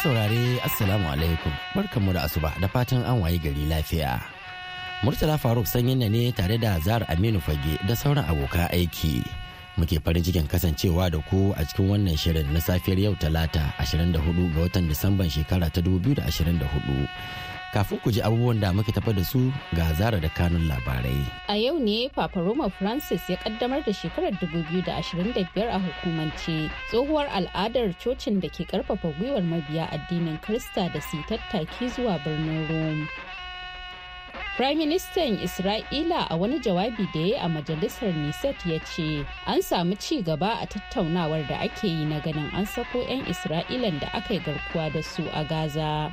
saurare Assalamu alaikum barkanmu da asuba da fatan an waye gari lafiya. Murtala Faruk sanyin na ne tare da Zahra Aminu Fage da sauran abokan aiki. Muke farin cikin kasancewa da ku a cikin wannan shirin na safiyar yau Talata 24 ga watan Disamban shekara ta 2024. kafin ku ji abubuwan da muke tafa da su ga zara da kanun labarai. A yau ne Papa Roma Francis ya kaddamar da shekarar 2025 a hukumance tsohuwar al'adar cocin da ke karfafa gwiwar mabiya addinin Krista da su tattaki zuwa birnin Rome. Minister Isra'ila a wani jawabi da ya a majalisar Nisat ya ce an samu ci gaba a tattaunawar da ake yi na ganin an sako 'yan Isra'ilan da aka yi garkuwa da su a Gaza.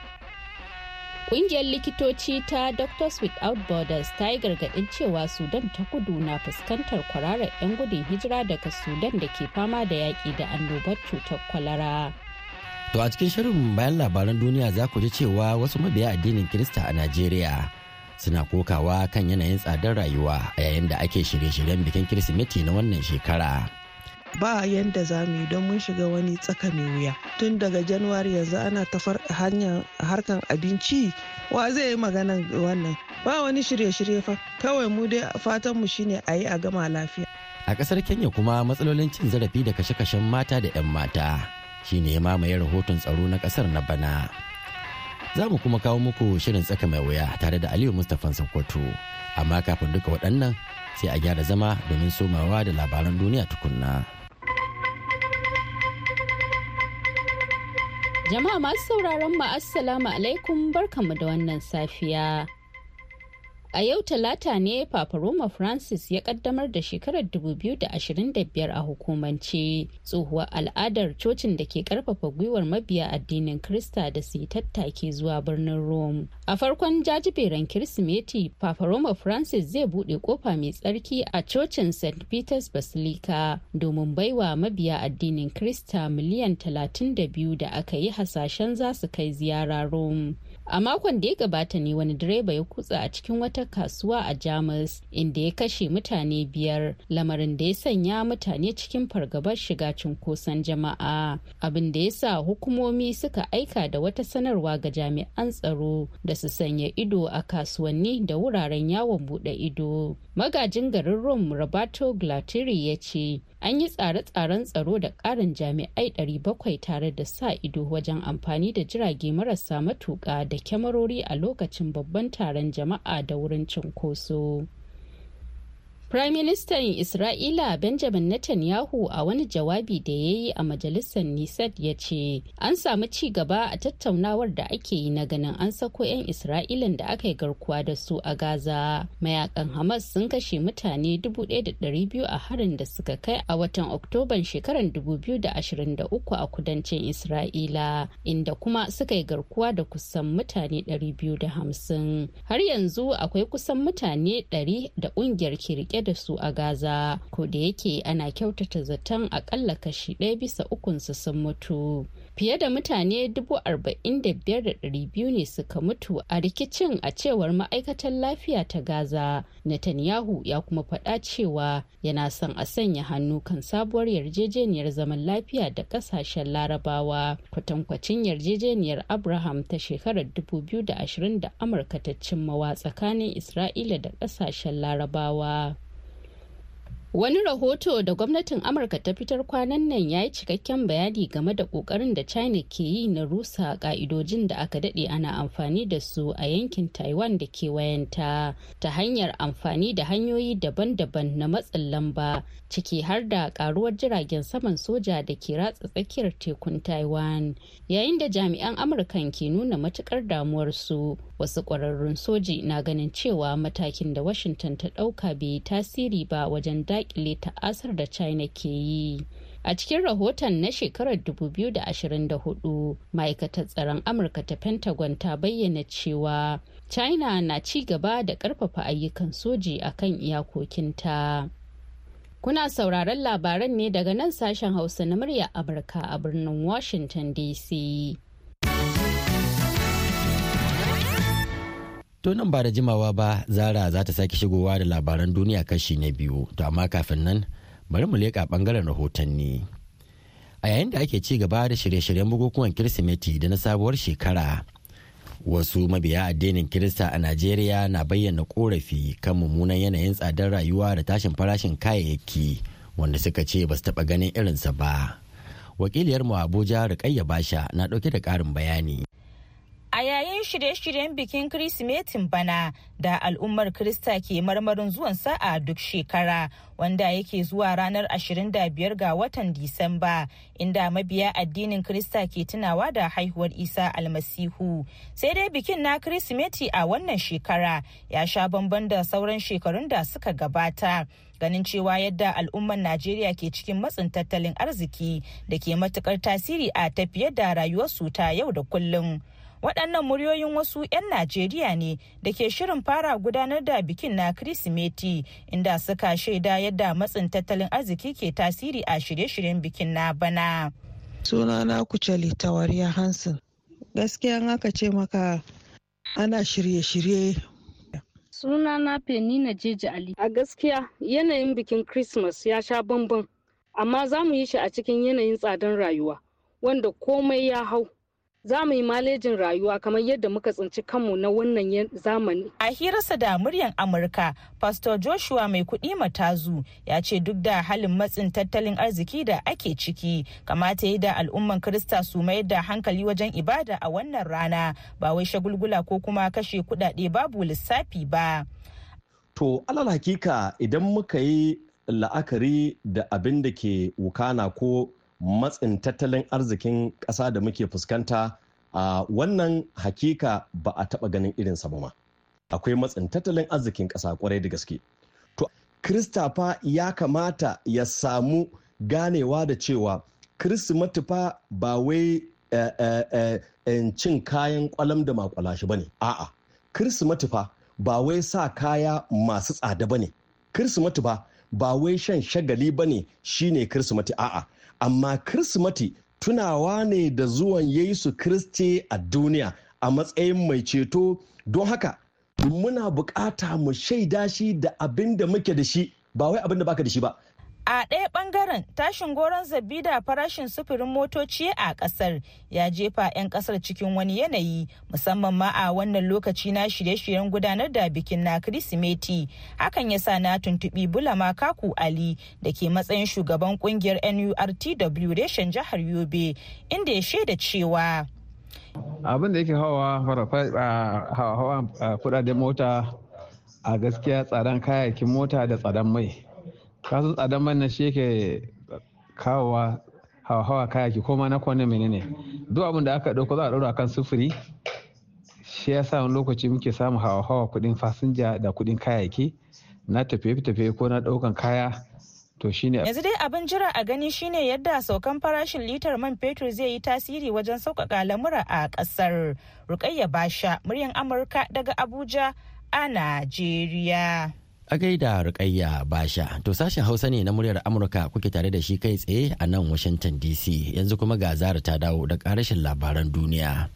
Ƙungiyar likitoci ta Doctors Without Borders ta yi gargaɗin cewa Sudan ta kudu na fuskantar kwararar 'yan gudun hijira daga Sudan da ke fama da yaƙi da annobar cutar kwalara. To a cikin shirin bayan labaran duniya za ku ji cewa wasu mabiya addinin Kirista a Najeriya suna kokawa kan yanayin tsadar rayuwa a yayin da ake shirye-shiryen bikin Kirsimeti na wannan shekara. ba yadda za mu yi don mun shiga wani tsaka mai wuya tun daga januwari yanzu ana ta hanyar harkan abinci wa zai yi maganar wannan ba wani shirye-shirye fa kawai mu dai fatan mu shine a yi a gama lafiya a ƙasar kenya kuma matsalolin cin zarafi da kashe-kashen mata da 'yan mata shine ya mamaye rahoton tsaro na kasar na bana za mu kuma kawo muku shirin tsaka mai wuya tare da aliyu mustapha sokoto amma kafin duka waɗannan sai a gyara zama domin somawa da labaran duniya tukunna. Jama'a masu sauraron mu Assalamu alaikum barkanmu da wannan safiya. A yau talata ne Paparoma Francis ya kaddamar da shekarar 2025 a hukumance tsohuwar al'adar cocin da ke karfafa gwiwar mabiya addinin Krista da su tattaki zuwa birnin Rome. A farkon jajiberan Kirsimeti, Paparoma Francis zai buɗe kofa mai tsarki a cocin St. Peter's Basilica domin baiwa mabiya addinin Krista miliyan 32 da aka yi hasashen za su kai ziyara Rome. a makon da ya gabata ne wani direba ya kutsa a cikin wata kasuwa a jamus inda ya kashe mutane biyar lamarin da ya sanya mutane cikin fargabar shiga cunkoson jama'a abin da ya sa hukumomi suka aika da wata sanarwa ga jami'an tsaro da su sanya ido a kasuwanni da wuraren yawon bude ido magajin garin rome roberto glateri ya ce an yi tsare-tsaren tsaro da ƙarin jami'ai 700 tare da sa ido wajen amfani da jirage marasa matuƙa da kyamarori a lokacin babban taron jama'a da wurin cinkoso Firaministan Isra'ila Benjamin Netanyahu a wani jawabi da ya yi a majalisar Nisad ya ce, An samu ci gaba a tattaunawar da ake yi na ganin an sako 'yan Isra'ilan da aka yi garkuwa da su a Gaza. Mayakan Hamas sun kashe mutane 1,200 a harin da suka kai a watan Oktoban shekarar 2023 a kudancin Isra'ila, inda kuma suka yi garkuwa da kusan mutane 250. Har yanzu akwai kusan mutane 100 da ƙungiyar kirke rike da su a gaza ko da yake ana kyautata zaton akalla kashi ɗaya bisa ukunsu sun mutu fiye da mutane 45,200 ne suka mutu a rikicin a cewar ma'aikatan lafiya ta gaza netanyahu ya kuma faɗa cewa yana son a sanya hannu kan sabuwar yarjejeniyar zaman lafiya da ƙasashen larabawa kwatankwacin yarjejeniyar abraham ta shekarar 2020 da amurka ta cimmawa tsakanin isra'ila da ƙasashen larabawa Wani rahoto da gwamnatin Amurka ta fitar kwanan nan ya yi cikakken bayani game da ƙoƙarin da China ke yi na rusa ƙa'idojin da aka daɗe ana amfani da su a yankin Taiwan da ke wayanta, ta hanyar amfani da hanyoyi daban-daban na matsin lamba ciki har da karuwar jiragen saman soja da ke ratsa tsakiyar tekun taiwan yayin da jami'an amurkan ke nuna matukar damuwarsu wasu kwararrun soji na ganin cewa matakin da washington ta dauka bai tasiri ba wajen dakile ta'asar da china ke yi a cikin rahoton na shekarar 2024 ma'aikatar tsaron amurka ta pentagon ta bayyana cewa china na ci gaba da karfafa ayyukan soji akan iyakokinta Kuna sauraron labaran ne daga nan sashen Hausa na murya Amurka a birnin Washington DC. To nan ba da jimawa ba Zara za ta sake shigowa da labaran duniya kashi na biyu, to amma kafin nan bari mu leƙa ɓangaren rahotanni. A yayin da ake ci gaba da shirye-shiryen bukukuwan Kirsimeti da na sabuwar shekara, wasu mabiya addinin kirista a najeriya na bayyana korafi kan mummunan yanayin tsadar rayuwa da tashin farashin kayayyaki wanda suka ce ba su taɓa ganin irinsa ba wakiliyarmu abuja rikayya basha na dauke da ƙarin bayani shirye-shiryen bikin Kirsimetin bana da al'ummar Krista ke marmarin zuwan sa'a duk shekara wanda yake zuwa ranar 25 ga watan Disamba inda mabiya addinin Krista ke tunawa da haihuwar Isa almasihu. Sai dai bikin na Kirsimeti a wannan shekara ya sha bamban da sauran shekarun da suka gabata. ganin cewa yadda al'ummar najeriya ke cikin matsin tattalin arziki da ke matukar tasiri a tafiyar da rayuwarsu ta yau da kullum waɗannan muryoyin wasu 'yan najeriya ne da ke shirin fara gudanar da bikin na kirsimeti inda suka shaida yadda matsin tattalin arziki ke tasiri a shirye-shiryen bikin na bana sunana kuceli tawariya hansen gaskiya aka ce maka ana shirye-shirye sunana penina jeji ali a gaskiya yanayin bikin christmas ya sha bambam amma za mu yi shi a cikin yanayin tsadar rayuwa wanda komai ya hau za mu yi malejin rayuwa kamar yadda muka tsinci kanmu na wannan zamani. A hirarsa da muryan Amurka, Pastor Joshua mai kuɗi matazu ya ce duk da halin matsin tattalin arziki da ake ciki, kamata yi da al'umman Kirista su mayar da hankali wajen ibada a wannan rana, ba wai shagulgula ko kuma kashe kuɗaɗe babu lissafi ba. To, alal hakika idan muka yi la'akari da abin da ke wukana ko matsin tattalin arzikin ƙasa da muke fuskanta a wannan hakika ba a taɓa ganin irin ba ma akwai matsin tattalin arzikin ƙasa ƙwarai da gaske to kristafa ya kamata ya samu ganewa da cewa kirsimati fa ba wai eh, eh, eh, cin kayan kwalam da shi ba ne a'a kirsimati fa ba wai sa kaya masu tsada ba ne kirsimati ba ba wai shan shagali ba ne shine kirsimati a'a amma kirsimati tunawa ne da zuwan yesu kiristi a duniya a matsayin mai ceto don haka muna bukata mu shaida shi da abin da muke da shi ba wai abin da baka da shi ba a ɗaya ɓangaren tashin goron zabi da farashin sufurin motoci a ƙasar ya jefa 'yan ƙasar cikin wani yanayi musamman ma a wannan lokaci na shirye-shiryen gudanar da bikin na kirsimeti hakan ya sa na tuntuɓi bulama kaku ali da ke matsayin shugaban ƙungiyar nurtw reshen jihar yobe inda ya shaida cewa abin da yake hawa hawa mota a gaskiya tsadan kayayyakin mota da tsadan mai kasu tsadan man nan shi yake kawowa hawa kayaki ko ma na kwanne menene duk abin da aka ɗauko za a ɗaura kan sufuri shi ya sa wani lokaci muke samun hawa hawa kuɗin fasinja da kuɗin kayaki na tafiye-tafiye ko na ɗaukan kaya to shine yanzu dai abin jira a gani shine yadda saukan farashin litar man fetur zai yi tasiri wajen sauƙaƙa lamura a ƙasar rukayya basha muryan amurka daga abuja a najeriya A gaida Rukayya Basha, to sashen Hausa ne na muryar Amurka kuke tare da shi kai tsaye a nan Washington DC yanzu kuma ga zara ta dawo da karashin labaran duniya.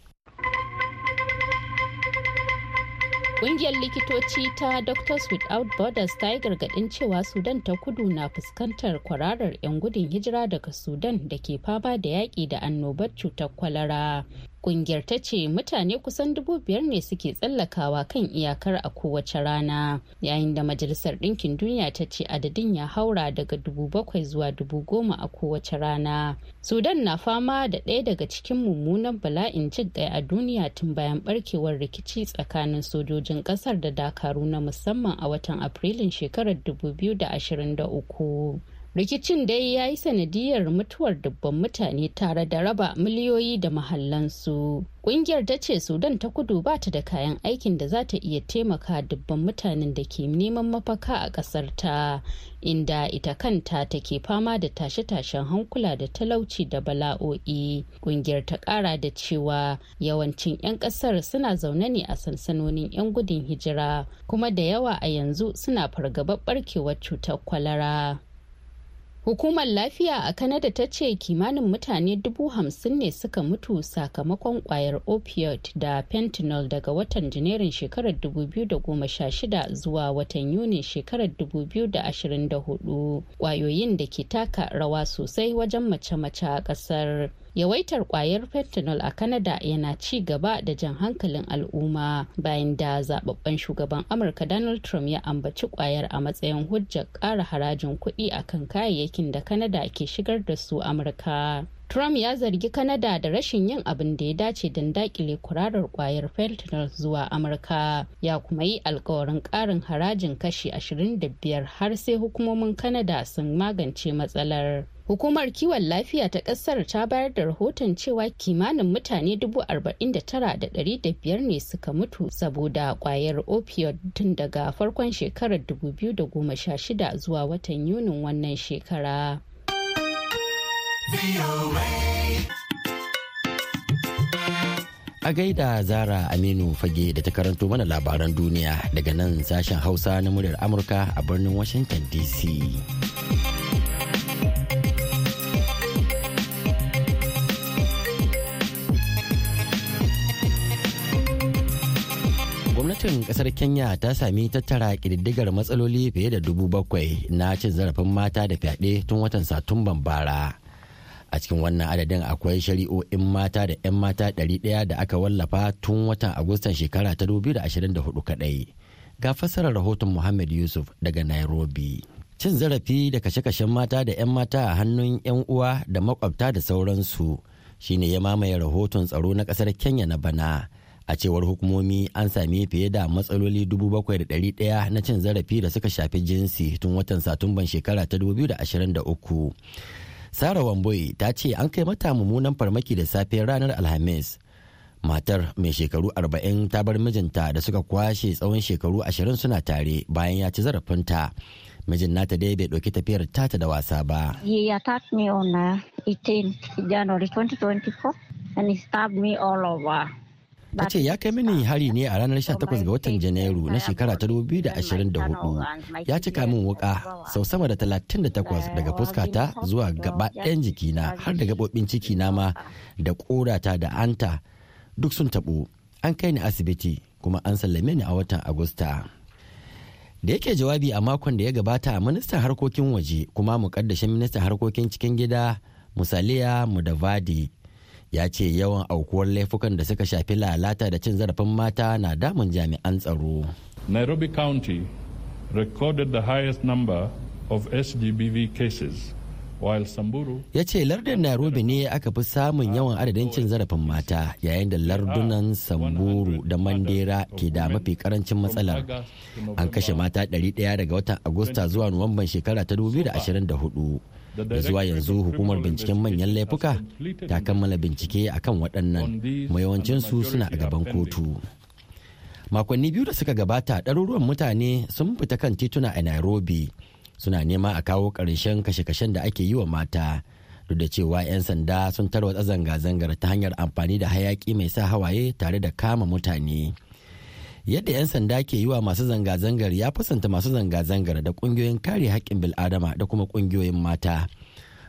Ƙungiyar likitoci ta Doctors Without Borders ta yi gargaɗin cewa Sudan ta kudu na fuskantar kwararar 'yan gudun hijira daga Sudan da ke fama da yaƙi da annobar cutar kwalara. Kungiyar ta ce mutane kusan dubu biyar ne suke tsallakawa kan iyakar a kowace rana, yayin da Majalisar Ɗinkin Duniya ta ce adadin ya haura daga dubu bakwai zuwa dubu goma a kowace rana. Sudan na fama da ɗaya daga cikin mummunan bala'in jin a duniya tun bayan barkewar rikici tsakanin sojojin ƙasar da dakaru na musamman a watan Afrilun shekarar 2023. rikicin dai ya yi sanadiyar mutuwar dubban mutane tare da raba miliyoyi da mahallansu kungiyar ta ce sudan ta kudu ba ta da kayan aikin da za ta iya taimaka dubban mutanen da ke neman mafaka a kasar ta inda ita kanta take fama da tashe-tashen hankula da talauci da bala'o'i kungiyar ta kara da cewa yawancin 'yan kasar suna zaune ne a sansanonin 'yan gudun hijira kuma da yawa a yanzu suna fargabar barkewar cutar kwalara Hukumar lafiya a Kanada ta ce kimanin mutane dubu hamsin ne suka mutu sakamakon kwayar opioid da fentanyl daga watan Janairun shekarar 2016 zuwa watan Yunin shekarar 2024. Kwayoyin da ke taka rawa sosai wajen mace-mace a kasar. yawaitar kwayar fentanyl a Kanada yana ci gaba da jan hankalin al'umma bayan da zababben shugaban amurka donald trump ya ambaci kwayar a matsayin hujjar ƙara harajin kuɗi kan kayayyakin da canada ke shigar da su amurka Trump ya zargi Kanada da rashin yin abin da ya dace don dakile kurarar kwayar fentanyl zuwa Amurka. Ya kuma yi alkawarin karin harajin kashi 25 har sai hukumomin Kanada sun magance matsalar. Hukumar kiwon lafiya ta kasar ta bayar da rahoton cewa kimanin mutane 49,500 ne suka mutu saboda kwayar opioid tun daga farkon shekarar 2016 zuwa watan Yunin wannan shekara. A gaida Zara Aminu Fage da ta karanto mana labaran duniya daga nan sashen Hausa na muryar Amurka a birnin Washington DC. Gwamnatin kasar Kenya ta sami tattara ƙididdigar matsaloli fiye da dubu bakwai na cin zarafin mata da fyaɗe tun watan Satumban bara. A cikin wannan adadin akwai shari'o'in mata da 'yan mata 100 da aka wallafa tun watan Agustan shekara ta 2024 kadai. Ga fassarar rahoton Muhammad Yusuf daga Nairobi. Cin zarafi da kashe-kashen mata da 'yan mata a hannun 'yan uwa da makwabta da sauransu shine ya mamaye rahoton tsaro na kasar Kenya na bana. a cewar hukumomi an sami fiye da matsaloli 7,100 na cin zarafi da suka shafi jinsi tun watan satumban shekara ta 2023 sara wamboi ta ce an kai mata mummunan farmaki da safe ranar alhamis matar mai shekaru 40 ta bar mijinta da suka kwashe tsawon shekaru 20 suna tare bayan ya ci zarafinta mijin nata dai bai ɗauki tafiyar tata da wasa ba. me on 18 uh, January 2024 and he stabbed me all over. ta ce ya kai mini hari ne a ranar 18 ga watan janairu na shekara ta 2024 ya cika min wuka sau sama da 38 daga fuskata zuwa gaba ɗayan jikina har da gaɓoɓin na ma da ƙorata da anta duk sun taɓo an kai ni asibiti kuma an sallame ni a watan agusta da yake jawabi a makon da ya gabata ministan harkokin waje kuma mukaddashin ministan harkokin cikin gida musaliya mudavadi ya ce yawan aukuwar laifukan da suka shafi lalata da cin zarafin mata na damun jami'an tsaro. Nairobi County recorded the highest number of SGBV cases. ya ce lardin nairobi ne aka fi samun yawan adadin cin zarafin mata yayin da lardunan samburu da mandera ke da mafi karancin matsalar an kashe mata 100 daga watan agusta zuwa nuwamban shekara ta 2024 da zuwa yanzu hukumar binciken manyan laifuka ta kammala bincike a kan waɗannan mayawancinsu suna a gaban kotu makonni biyu da suka gabata ɗaruruwan mutane sun fita kan tituna a nairobi suna nema a kawo ƙarshen kashe-kashen da ake yi wa mata duk da cewa 'yan sanda sun tarwatsa zanga-zangar ta hanyar amfani da hayaƙi mai sa hawaye tare da kama mutane. yadda 'yan sanda ke yi wa masu zanga-zangar ya fusanta masu zanga-zangar da ƙungiyoyin kare haƙƙin bil'adama da kuma ƙungiyoyin mata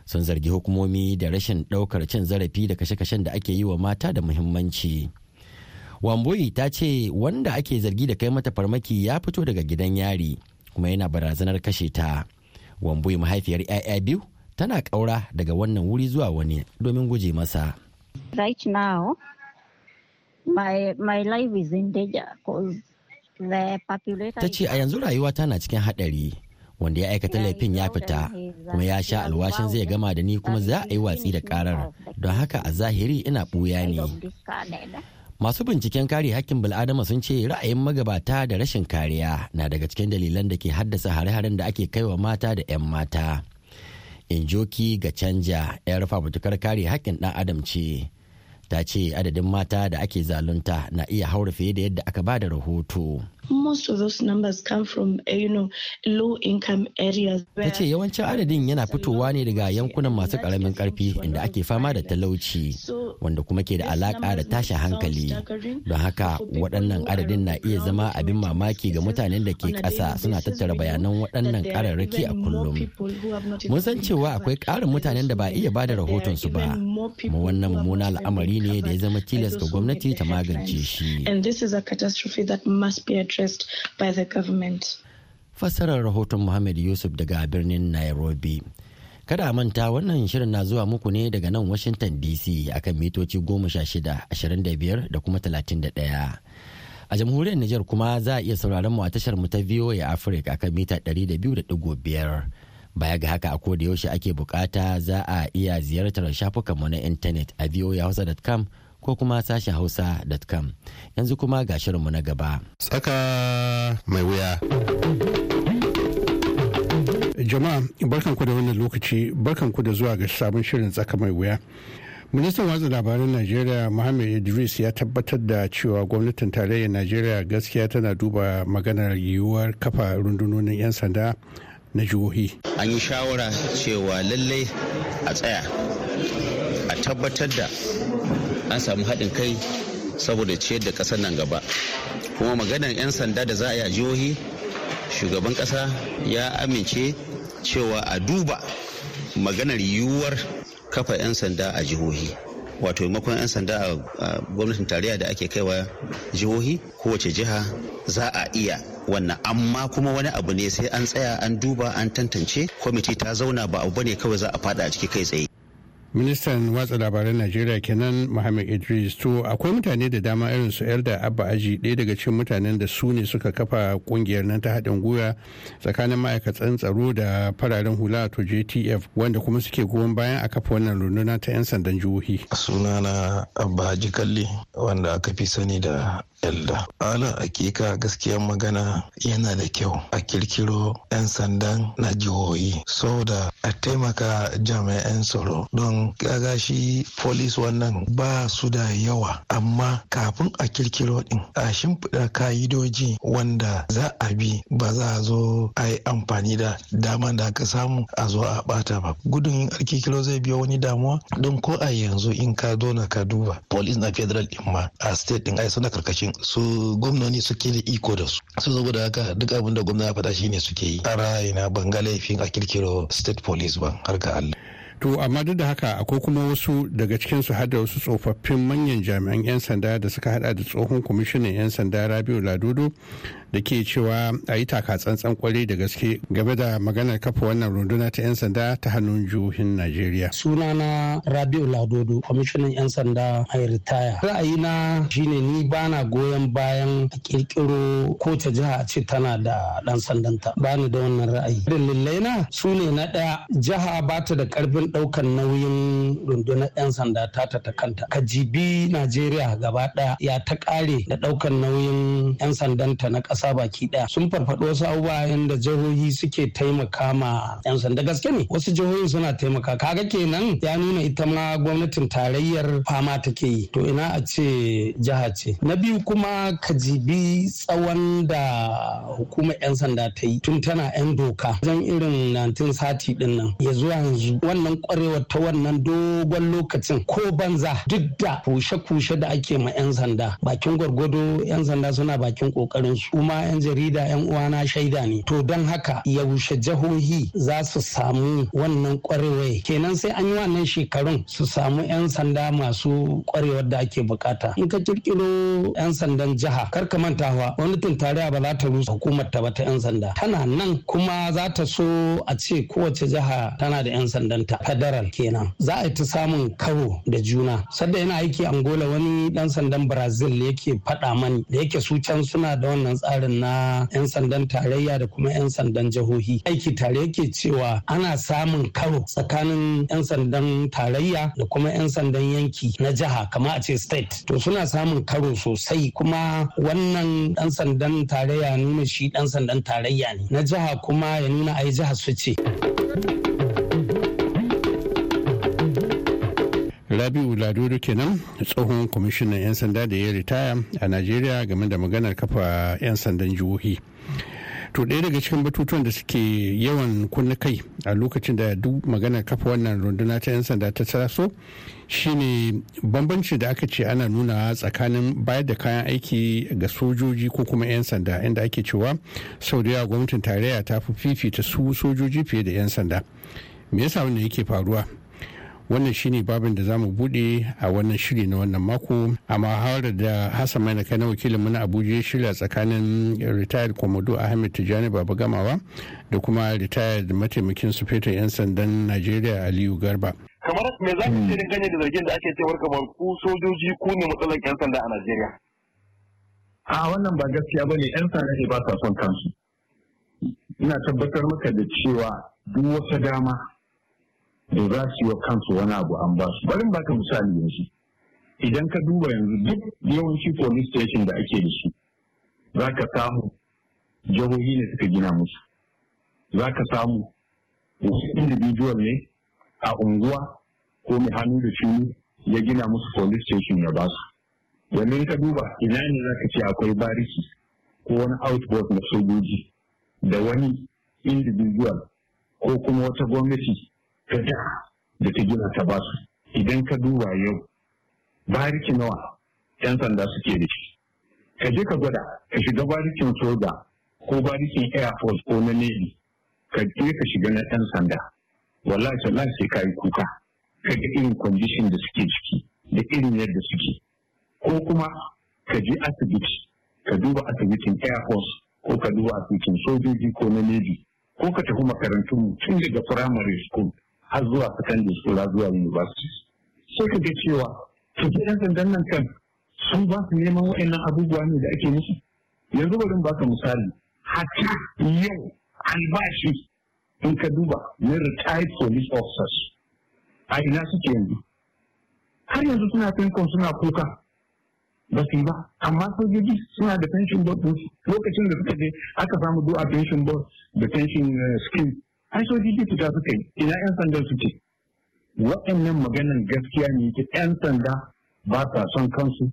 sun zargi hukumomi da rashin ɗaukar cin zarafi da kashe-kashen da ake yi wa mata da muhimmanci wamboyi ta ce wanda ake zargi da kai mata farmaki ya fito daga gidan yari kuma yana barazanar kashe ta wambui mahaifiyar 'ya'ya biyu tana ƙaura daga wannan wuri zuwa wani domin guje masa right now My, my life is in danger because the population... Ta ce a yanzu rayuwa tana cikin haɗari. Wanda ya aikata laifin ya fita kuma ya sha alwashin zai gama da ni kuma za a yi watsi da karar don haka a zahiri ina buya ne. Masu binciken kare hakkin bil'adama sun ce ra'ayin magabata da rashin kariya na daga cikin dalilan da ke haddasa hare-haren da ake kaiwa mata da 'yan mata. In joki ga canja 'yan rufa kare hakkin ɗan adam ce. ta ce adadin mata da ake zalunta na iya haura fiye da yadda aka ba da rahoto Most of those numbers come from eh, you know, low income areas. Ta yawancin adadin yana fitowa ne daga yankunan masu karamin karfi inda ake fama da talauci wanda kuma ke da alaka da tashin hankali. Don haka waɗannan adadin na iya zama abin mamaki ga mutanen da ke ƙasa suna tattara bayanan waɗannan ƙararraki a kullum. Mun san cewa akwai ƙarin mutanen da ba iya ba da su ba. kuma wannan mummuna al'amari ne da ya zama tilas ga gwamnati ta magance shi. And this is a catastrophe interest by the government. Fassarar rahoton Muhammad Yusuf daga birnin Nairobi. Kada a manta wannan shirin na zuwa muku ne daga nan Washington DC akan mitoci goma sha shida, da kuma talatin A jamhuriyar Nijar kuma za a iya sauraron mu a tashar mu ta VOA Africa akan mita ɗari da biyu da biyar. baya ga haka a koda yaushe ake bukata za a iya ziyartar shafukanmu na intanet a voahausa.com ko kuma sashen hausa.com yanzu kuma ga shirinmu na gaba. Tsaka mai wuya. Jama'a barkanku da wannan lokaci barkanku da zuwa ga sabon shirin tsaka mai wuya. ministan watsa labaran najeriya muhammad idris ya tabbatar da cewa gwamnatin tarayyar najeriya gaskiya tana duba maganar yiwuwar kafa rundunonin 'yan sanda na jihohi an yi shawara cewa lallai a tsaya a tabbatar da an samu haɗin kai saboda ciyar da ƙasar nan gaba kuma maganar 'yan sanda da za a yi a jihohi shugaban ƙasa ya amince cewa a duba maganar yiwuwar kafa 'yan sanda a jihohi wato maimakon 'yan sanda a gwamnatin tarayya da ake kaiwa jihohi kowace jiha za a iya wannan amma kuma wani abu ne sai an tsaya an duba an tantance kwamiti ta zauna ba abu ne kawai za a fada a ciki kai tsaye ministan watsa labaran najeriya kenan muhammad idris to akwai mutane da dama irin su da abba aji ɗaya daga cikin mutanen da su ne suka kafa ƙungiyar nan ta haɗin gwiwa tsakanin ma'aikatan tsaro da fararen hula to jtf wanda kuma suke goyon bayan a kafa wannan runduna ta 'yan sandan jihohi sunana abba aji kalli wanda aka fi sani da yalda ala hakika gaskiya magana yana da kyau a kirkiro 'yan sandan na jihohi saboda a taimaka jami'an tsaro don kaga shi police wannan ba su da yawa amma kafin a kirkiro din a shimfiɗa ka'idoji wanda za a bi ba za a zo a yi amfani da dama da aka samu a zo a bata ba gudun kirkiro zai biyo wani damuwa don ko a yanzu in ka zo na ka duba police na federal din ma a state din ai suna karkashin su gwamnoni suke da iko da su su zo da haka duk abin da gwamna ya faɗa shine suke yi a rayina na ban ga laifin a kirkiro state police ba har ga Allah to amma duk da haka akwai kuma wasu daga cikinsu har da wasu tsofaffin manyan jami'an 'yan sanda da suka hada da tsohon kwamishinan 'yan sanda rabiu ladodo da ke cewa a yi tsantsan kwarai da gaske game da maganar kafa wannan runduna ta 'yan sanda ta hannun jihohin Najeriya. Sunana Rabiu Ladodo, kwamishinan 'yan sanda a ritaya. Ra'ayina shine ni ba na goyon bayan kirkiro ko ta jiha a ce tana da dan sandanta. Ba ni da wannan ra'ayi. Dalilai na su ne na ɗaya jiha ba ta da karfin ɗaukan nauyin rundunar 'yan sanda ta ta kanta. Ka jibi Najeriya gaba ɗaya ya ta ƙare da ɗaukan nauyin 'yan sandanta na ƙasa ƙasa baki ɗaya sun farfaɗo wasu abubuwa yadda jihohi suke taimaka ma 'yan sanda gaske ne wasu jihohin suna taimaka kaga kenan ya nuna ita ma gwamnatin tarayyar fama take yi to ina a ce jiha ce na biyu kuma ka jibi tsawon da hukumar 'yan sanda ta yi tun tana 'yan doka zan irin nantin sati din nan ya zuwa yanzu wannan kwarewar ta wannan dogon lokacin ko banza duk da kushe-kushe da ake ma 'yan sanda bakin gwargwado 'yan sanda suna bakin kokarin su ma 'yan jarida 'yan uwana shaida ne to don haka yaushe jihohi za su samu wannan kwarewa kenan sai an yi wannan shekarun su samu 'yan sanda masu kwarewar da ake bukata in ka kirkiro 'yan sandan jiha kar ka mantawa gwamnatin tarayya ba za ta rusa hukumar ta ba ta 'yan sanda tana nan kuma za ta so a ce kowace jiha tana da 'yan sandan ta. federal kenan za a yi ta samun karo da juna sadda yana aiki angola wani dan sandan brazil yake fada mani da yake su can suna da wannan tsarin tsarin na 'yan sandan tarayya da kuma 'yan sandan jihohi aiki tare yake cewa ana samun karo tsakanin 'yan sandan tarayya da kuma 'yan sandan yanki na jiha kama a ce state to suna samun karo sosai kuma wannan dan sandan tarayya nuna shi dan sandan tarayya ne na jiha kuma ya nuna ai jiha su ce. rabiu ladoro kenan tsohon kwamishinan 'yan sanda da ya ritaya a najeriya game da maganar kafa 'yan sandan jihohi to ɗaya daga cikin batutuwan da suke yawan kunna kai a lokacin da duk maganar kafa wannan runduna ta 'yan sanda ta taso shine bambanci da aka ce ana nuna tsakanin bayar da kayan aiki ga sojoji ko kuma 'yan sanda inda ake cewa sau da yawa gwamnatin tarayya ta fi fifita su sojoji fiye da 'yan sanda me yasa wannan yake faruwa wannan shine babin da zamu bude a wannan shiri na wannan mako amma har da hassan mai kai na wakilin mu na abuja shirya tsakanin retired komodo ahmed tijani baba gamawa da kuma retired mataimakin su fetur yan sandan najeriya aliyu garba kamar me za ka ce dangane da zargin da ake cewar kamar ku sojoji ku ne matsalar yan sanda a najeriya a wannan ba gaskiya bane yan sanda ne ba sa son kansu ina tabbatar maka da cewa duk wata dama da za su yi wa kansu wani abu an ba su barin baka misali yanzu idan ka duba yanzu duk yawanci police station da ake da shi. za ka samu jihohi ne suka gina musu za ka samu wasu individual ne a unguwa ko mai hannu da fili ya gina musu police station ya ba su yanzu ka duba ina ne za ka ce akwai bariki ko wani outboard na sojoji da wani individual ko kuma wata gwamnati sadaka da ta gina ta ba su idan ka duba yau bariki nawa yan sanda suke da shi ka je ka gwada ka shiga barikin soja ko barikin air force ko na navy ka je ka shiga na yan sanda wallahi wallahi sai kai kuka ka ga irin condition da suke ciki da irin yadda suke ko kuma ka je asibiti ka duba asibitin air force ko ka duba asibitin sojoji ko na navy ko ka tafi makarantun tun daga primary school har zuwa secondary school har zuwa university sai ka ga cewa to ke ɗan sandan nan kan sun ba su neman wa'annan abubuwa ne da ake musu yanzu bari ba ka misali hatta yau albashi in ka duba na retired police officers a ina suke yanzu har yanzu suna finkon suna kuka ba su yi ba amma sojoji suna da pension board lokacin da suka je aka samu do a pension board da pension eh, scheme ai sojoji fita suka yi ina yan sanda suke waɗannan maganan gaskiya ne ke yan sanda ba sa son kansu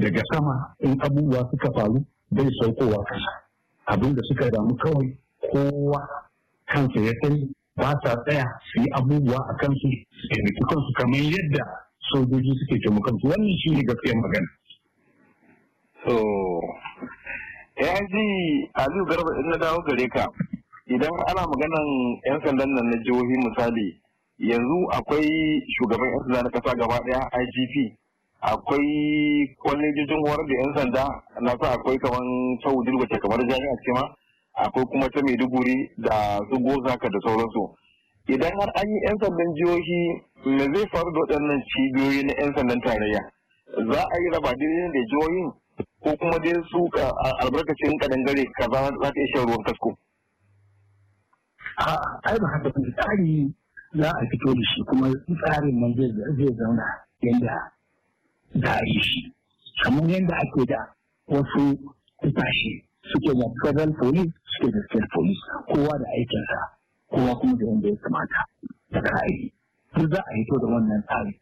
daga sama in abubuwa suka faru bai saukowa kasa abin da suka damu kawai kowa kansa ya sani ba sa tsaya su yi abubuwa a kansu su taimaki kansu kamar yadda sojoji suke taimakansu wannan shi ne gaskiyar magana. So, ya eh, ji Aliyu Garba in na dawo gare ka, idan ana maganan 'yan sandan nan na jihohi misali yanzu akwai shugaban 'yan sanda na kasa gaba daya igp akwai kwalejojin horar da 'yan sanda na sa akwai kamar ta wace kamar jami'a ce ma akwai kuma ta maiduguri da su gozaka da sauransu idan har an yi 'yan sandan jihohi me zai faru da waɗannan cibiyoyi na 'yan sandan tarayya za a yi raba daidai da jihohin ko kuma dai su albarkacin kadangare kaza za ta iya shan ruwan kasko. A'a, ai ba haka bane tsari za a fito da shi kuma tsarin nan zai zauna yadda za a yi shi kamar yadda ake da wasu tashi suke da federal police suke da state police kowa da aikinsa kowa kuma da yadda ya kamata da ra'ayi duk za a hito da wannan tsari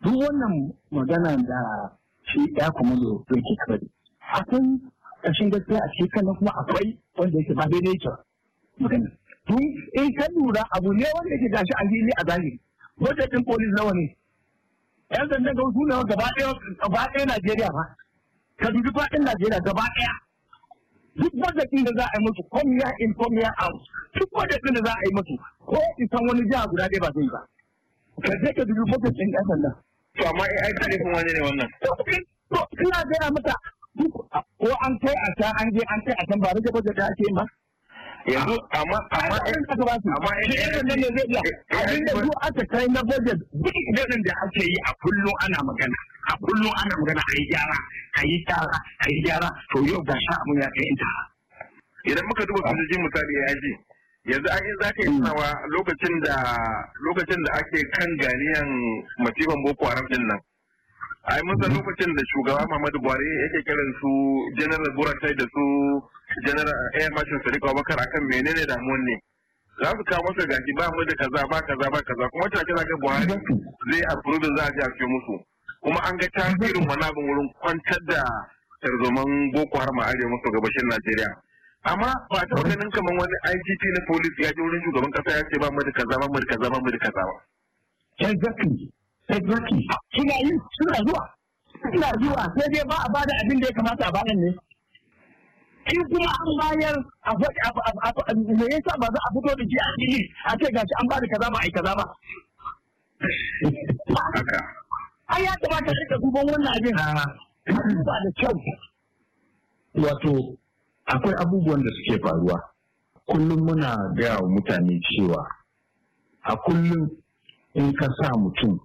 duk wannan magana da shi ya kuma da yake kabari akwai ƙashin gaskiya a cikin kuma akwai wanda yake ba daidai kyau magana karatu in ka lura abu ne wanda ke gashi a fili a zahiri wajen ɗin polis nawa ne yan sandan ga wasu nawa gaba ɗaya Najeriya ba ka dubi faɗin Najeriya gaba ɗaya duk wajen da za a yi musu komiya in komiya out duk wajen da za a yi musu ko isan wani jiha guda ɗaya ba zai ba ka je ka dubi wajen ɗin ƴan sanda. to amma ai kare kuma ne wannan. to ina gaya mata ko an kai a can an je an kai a can ba rage wajen da ake yin ba. yanzu amma amma in aka ba su amma in nan ne zai iya eh, eh, abin da zuwa eh, aka kai na budget duk irin da ake yi a kullum ana magana a kullum ana magana a yi gyara a yi gyara a yi gyara to yau ga sha abin ya kai ta. idan muka duba ah. sojojin misali ya ji yanzu an yi zaka yi nawa hmm. lokacin da lokacin da ake kan ganiyan masifan boko haram din nan ai mun san hmm. lokacin da shugaba Muhammadu Buhari yake kiran su General Buratai da su general eh, air marshal sadiq a akan menene damuwan ne za su kawo masa gashi ba mu da kaza ba kaza ba kaza kuma take za ka buhari zai approve za a ji a ce musu kuma an ga tasirin wani abin wurin kwantar da tarzoman boko haram a arewa maso gabashin najeriya amma ba ta ganin kamar wani IGP na police ya ji wurin shugaban kasa ya ce ba mu da kaza ba mu da kaza ba mu da kaza ba exactly exactly suna yi suna zuwa suna zuwa sai dai ba a bada abin da ya kamata a bayan ne shi kuma an bayar a faɗi me yasa ba za a fito da shi a fili a ce gashi an bada kaza ba ai kaza ba ai ya kamata ka duban wannan abin ba da kyau wato akwai abubuwan da suke faruwa kullum muna gaya wa mutane cewa a kullum in ka sa mutum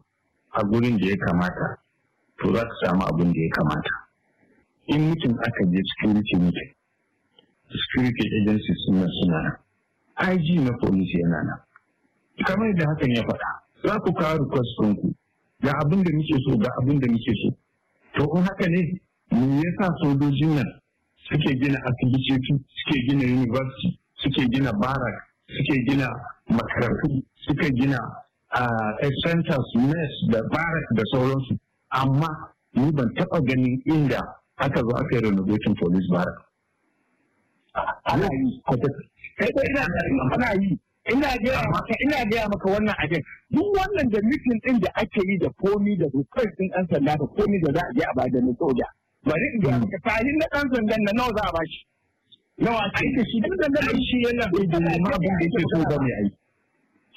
a gurin da ya kamata to za ka samu abin da ya kamata in mutum aka je security mutum. security agencies suna suna IG na police yana nan kamar da hakan ya faɗa za ku kawo request ɗinku ga abin da muke so ga abin da muke so to in haka ne me yasa sojojin nan suke gina asibitoci suke gina university suke gina barak suke gina makarantu suke gina centers mess da barak da sauransu amma ni ban taɓa ganin inda aka zo aka yi renovating police barak ana yi kai ko ina ana yi ina gaya maka ina gaya maka wannan abin duk wannan da mitin din da ake yi da komi da dokar din an sanda da komi da za a je a bada na soja bari in ga maka sahin na dan sandan na nawa za a bashi nawa a cikin shi duk da nan shi yana da ma abin da yake so bane ai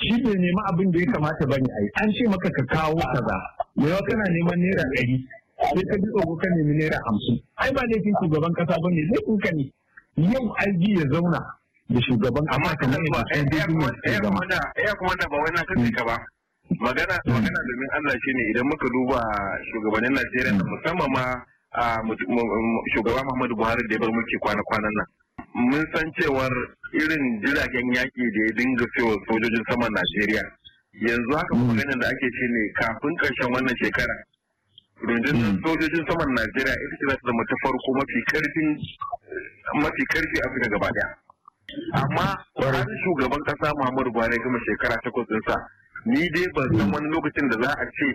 shi bai nema abin da ya kamata bane ai an ce maka ka kawo kaza me kana neman naira ɗari sai ka bi tsoro ka nemi naira hamsin ai ba laifin shugaban kasa bane laifin ka ne yau ji ya zauna da shugaban amma kamar ba ya kuma da ba wai na kace hmm. ka ba magana hmm. magana domin Allah shine idan muka duba shugabannin Najeriya hmm. musamman ma shugaba Muhammadu Buhari da ya bar mulki kwana-kwanan nan mun san cewar irin jiragen yaƙi da ya dinga cewa sojojin saman Najeriya yanzu haka maganin da ake shi ne kafin ƙarshen wannan shekara rundun hmm. sojojin saman najeriya ita ce za ta zama ta farko mafi karfin mafi karfi a fita gaba daya amma wani shugaban kasa muhammadu buhari gama shekara takwas sa ni dai ban san wani lokacin da za a ce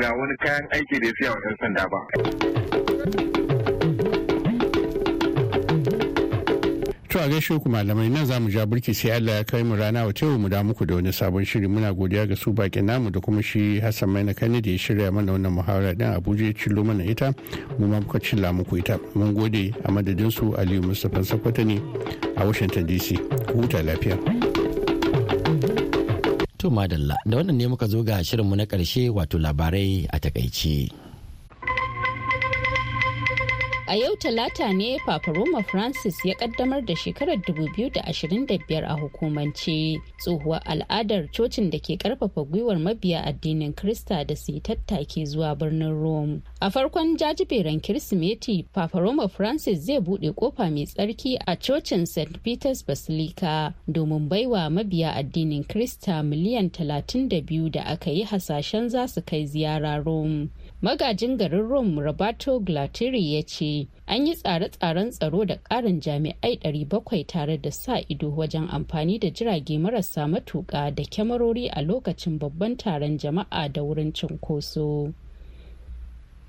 ga wani kayan aiki da ya saya wa 'yan sanda ba. To a gaishe ku malamai nan za mu ja burki sai Allah ya kai mu rana wa mu da muku da wani sabon shiri muna godiya ga su baki namu da kuma shi Hassan Maina Kani da ya shirya mana wannan muhawara din Abuja ya cillo mana ita mu ma muka cilla muku ita mun gode a madadin su Aliyu Mustapha Sakwata ne a Washington DC huta lafiya. To madalla da wannan ne muka zo ga shirinmu na karshe wato labarai a takaice. A yau talata ne Papa Roma Francis ya kaddamar da shekarar 2025 a hukumance tsohuwar al'adar cocin da ke karfafa gwiwar mabiya addinin Krista da su yi tattaki zuwa birnin Rome. A farkon jajiberan Kirsimeti, Papa Roma Francis zai bude kofa mai tsarki a cocin St. Peter's Basilica domin baiwa mabiya addinin Krista miliyan 32 da aka yi hasashen za su kai ziyara Rome. magajin garin rome Rabato glateri ya ce an yi tsare-tsaren tsaro da ƙarin jami'ai 700 tare da sa ido wajen amfani da jirage marasa matuƙa da kyamarori a lokacin babban taron jama'a da wurin cinkoso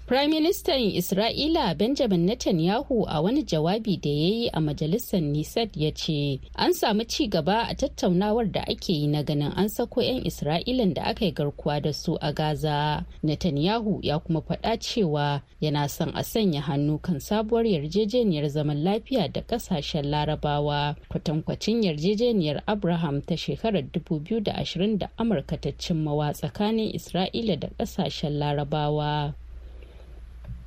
Firaministan Isra'ila Benjamin Netanyahu a wani jawabi da ya yi a majalisar Nisad ya ce, An samu ci gaba a tattaunawar da ake yi na ganin an sako 'yan Isra'ilan da aka yi garkuwa da su a Gaza. Netanyahu ya kuma faɗa cewa yana son a sanya hannu kan sabuwar yarjejeniyar zaman lafiya da ƙasashen Larabawa, kwatankwacin yarjejeniyar Abraham ta shekarar 2020 da Amurka ta cimmawa tsakanin Isra'ila da ƙasashen Larabawa.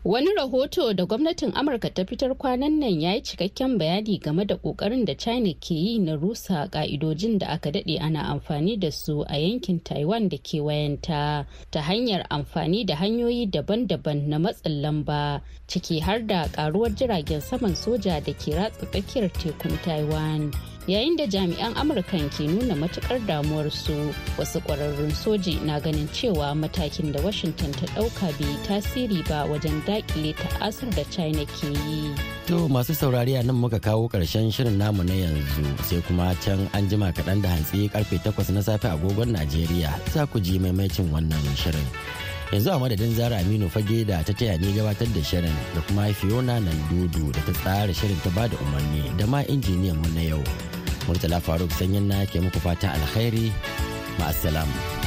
Wani rahoto da gwamnatin Amurka ta fitar kwanan nan ya yi cikakken bayani game da ƙoƙarin da China ke yi na rusa ƙa'idojin da aka daɗe ana amfani da su a yankin Taiwan da ke wayanta, ta hanyar amfani da hanyoyi daban-daban na matsin lamba ciki har da karuwar jiragen saman soja da ke ratsa tsakiyar tekun taiwan yayin da jami'an amurkan ke nuna matukar damuwarsu wasu kwararrun soji na ganin cewa matakin da washington ta dauka bai tasiri ba wajen dakile ta'asar da china ke yi to masu saurari a nan muka kawo karshen shirin namu na yanzu sai kuma can an jima kaɗan da hantsi karfe takwas na safe agogon najeriya za ku ji maimacin wannan shirin yanzu a madadin zara aminu fage da ta taya ne gabatar da shirin da kuma fiona nan dodo da ta tsara shirin ta bada umarni da ma injiniyan mu na yau murtala faruk sanyin na ke muku fatan alkhairi ma'asalam.